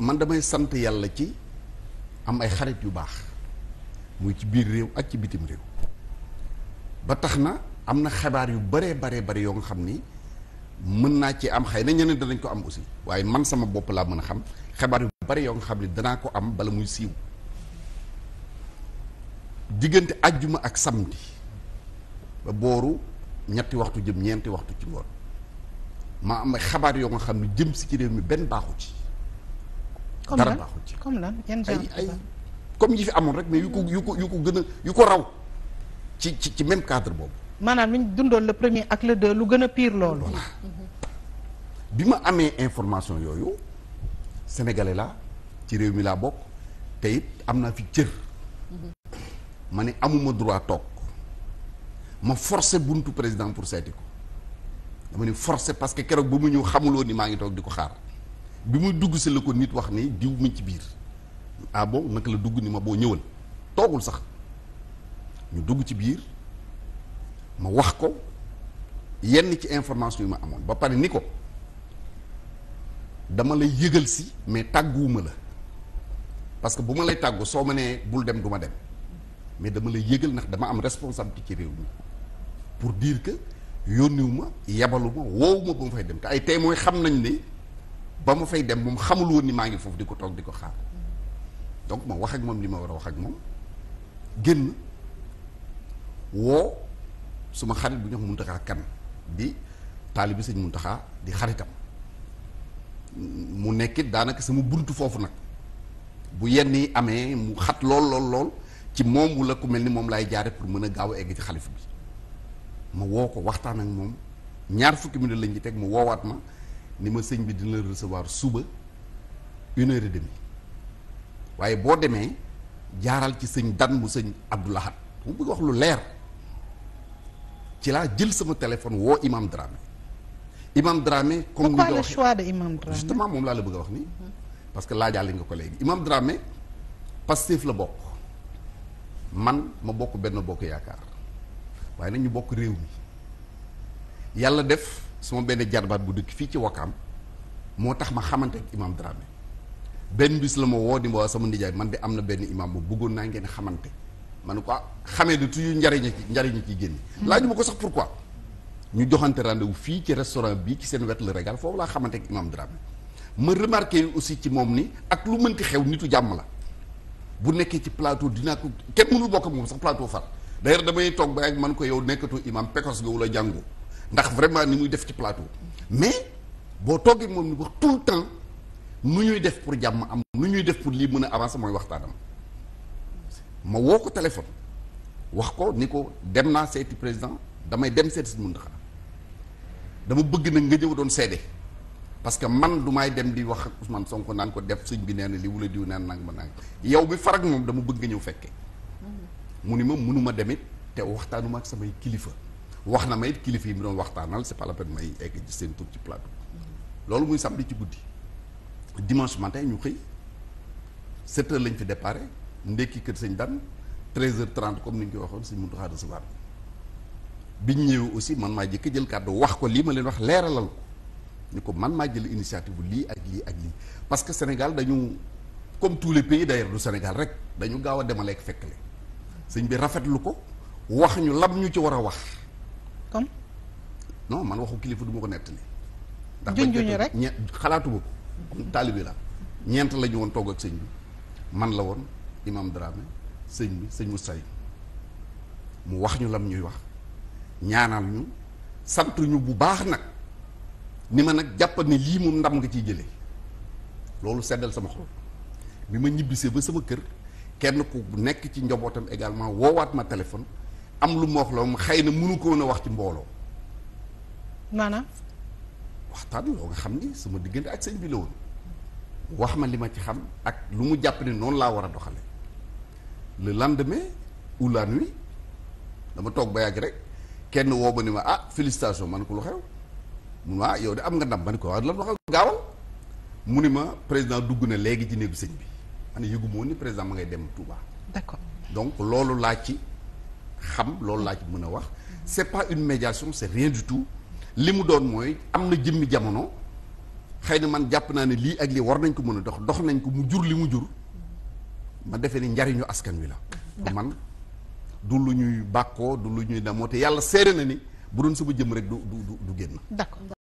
man damay sant yàlla ci am ay xarit yu baax muy ci biir réew ak ci bitim réew ba tax na am na xabaar yu baree baree bari yoo nga xam ni mën naa ci am xëy na ñeneen danañ ko am aussi waaye man sama bopp laa mën a xam xabaar yu bari yoo nga xam ni danaa ko am bala muy siiw diggante ajjuma ak samedi ba booru ñetti waxtu jëm ñeenti waxtu ci ngoon maa am ay xabaar yoo nga xam ni jëm si ci réew mi benn baaxu ci dara baaxul ci comme lan yan genre ay comme yi fi amoon rek yu ko yu yu ko gën a yu ko raw ci ci ci même cadre boobu. maanaam ñu dundoon le premier ak le deux lu gën a piir loolu. voilà bi ma amee information yooyu sénégalais laa ci réew mi laa bokk te am naa fi cër. ma ne amuma droit toog ma force buntu président pour seeti ko dama ne forcé parce que keroog ba mu ñëw xamuloo ni maa ngi toog di ko xaar. bi muy dugg si la ko nit wax nii diw mi ci biir ah bon naka la dugg ni ma boo ñëwal toogul sax ñu dugg ci biir ma wax ko yenn ci information yi ma amoon ba pare ni ko dama lay yëgal si mais tàgguwuma la parce que bu ma lay tàggu soo ma nee bul dem du ma dem mais dama lay yëgal ndax dama am responsabilité ci réew mi pour diir que yónniwu ma yebalu ma woowu ma ba mu fay dem te ay témoins xam nañ ne ba mu fay dem moom xamul ni maa ngi foofu di ko toog di ko xaar donc ma wax ak moom li ma war a wax ak moom génn woo suma xarit bu ñu wax Muntaxa Kan di taalibi sëñ Muntaxa di xaritam mu nekkit daanaka sama buntu foofu nag bu yenn yi amee mu xat lool lool lool ci moom wala ku mel ni moom laay jaare pour mën a gaaw a egg ci xalif bi ma woo ko waxtaan ak moom ñaar fukki minute lañ ci teg mu woowaat ma ni ma sëñ bi dina la recevoir suba une heure waaye boo demee jaaral ci sëñ dan mu sëñ Abdou Lahad mu bëgg wax lu leer ci laa jël sama téléphone woo Imam Dramé Imam Dramé comme ni nga wax choix de Imam Dramé justement moom laa la bëgg wax nii parce que laajaale nga ko léegi Imam Dramé Pastef la bokk man ma bokk benn bokk yaakaar waaye nag bokk réew mi yàlla def suma benn jarbaat bu dëkk fii ci Wakaam moo tax ma xamante ak imaam Dramé benn bis la ma woo di ma waa sama nijaay man de am na benn imaam bu bëggoon naa ngeen xamante ma ne ko ah, xamee du tuyu njariñu ci njariñu ci génn hmm. laaju ma ko sax pourquoi ñu joxante rendez-vous fii ci restaurant bii ci seen wet la régal foofu laa xamante ak imaam Dramé ma remarqué aussi ci moom ni ak lu mënti xew nitu jàmm la bu nekkee ci plateau dinaa ko kenn mënul bokk moom sax plateau far d'ailleurs damay toog ba ak man ko yow nekkatu imaam pekos nga wala jàngoo ndax vraiment ni muy def ci plateau mais boo toogee moom ni wax tout le temps nu ñuy def pour jàmm am nu ñuy def pour lii mën a avancer mooy waxtaanam ma woo ko téléphone wax ko ni ko dem naa seeti président damay dem seeti si Mountakha dama bëgg nag nga ñëw doon seede parce que man dumay dem di wax ak Ousmane Sonko naan ko def sëñ bi nee na li wula diw naan nang ma nang yow bi farag moom dama bëgg nga ñëw fekkee mu ni ma mënuma demit te waxtaanuma ak samay kilifa wax na ma it kilifa yi mu doon waxtaanal c'est pas la peine may egg ci seen tur ci plateau loolu muy samedi ci guddi dimanche matin ñu xëy 7 heures lañ fi déparé ndekki kër sëñ dan 13 heures comme ni ñu koy waxoon sëñ Mountakha recevoir bi ñu ñëwee aussi man maa jëkk jël kàddu wax ko lii ma leen wax leeralal ko ni ko man maa jël initiative bu lii ak lii ak parce que Sénégal dañu comme tous les pays d'ailleurs du Sénégal rek dañu gaaw a demaleek fekkle sëñ bi rafetlu ko wax ñu lam ñu ci war a wax comme non man waxu kilifa du ma ko nettali ndax junjuñu rek ñe xalaatuma ko taalibi la ñeent la ñu woon togg ak sëñ bi man la woon imam Dramé sëñ bi sëñ Moussa mu wax ñu lam ñuy wax ñaanal ñu sant ñu bu baax nag ni ma nag jàppal ne lii mu ndam nga ciy jëlee loolu seddal sama xol bi ma ñibbisee ba sama kër kenn ku nekk ci njabootam également woowaat ma téléphone am lu mu wax la xëy na munu ko a wax ci mbooloo. maanaam. waxtaan loo nga xam ni sama diggante ak sëñ bi la woon wax ma li ma ci xam ak lu mu jàpp ne noonu laa war a doxale le lendemain ou la nuit dama toog ba yàgg rek kenn woo ma ni ma ah félicitation man ko lu xew mu ma ah, yow de am nga dam ma ni ko wax lan lu xew gaawal mu ni ma président dugg na léegi ci néegu sëñ bi ma ne yëgu ma woon ni président ma ngay dem Touba. donc loolu laa ci. xam loolu laaj mën a wax c'est pas une médiation c'est rien du tout li mu doon mooy am na jëmmi jamono xëy na man jàpp naa ne lii ak lii war nañ ko mën a dox dox nañ ko mu jur li mu jur ma defee ni njariñu askan wi la man du lu ñuy bàkkoo du lu ñuy damoo te yàlla seere na ni bu doon sama jëmm rek du du du génn d'accord